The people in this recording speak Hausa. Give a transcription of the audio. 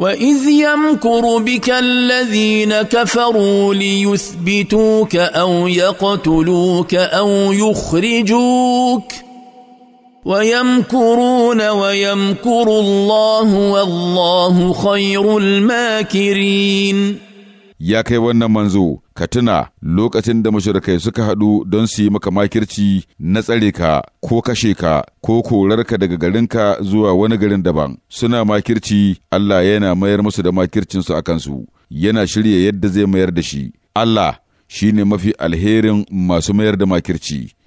واذ يمكر بك الذين كفروا ليثبتوك او يقتلوك او يخرجوك ويمكرون ويمكر الله والله خير الماكرين يا كي منزو ka tuna lokacin da mashirkai suka haɗu don su yi maka makirci na tsare ka ko kashe ka ko korar ka daga garinka zuwa wani garin daban suna makirci Allah yana mayar musu da makircinsu a kansu yana shirya yadda zai mayar da shi Allah shi ne mafi alherin masu mayar da makirci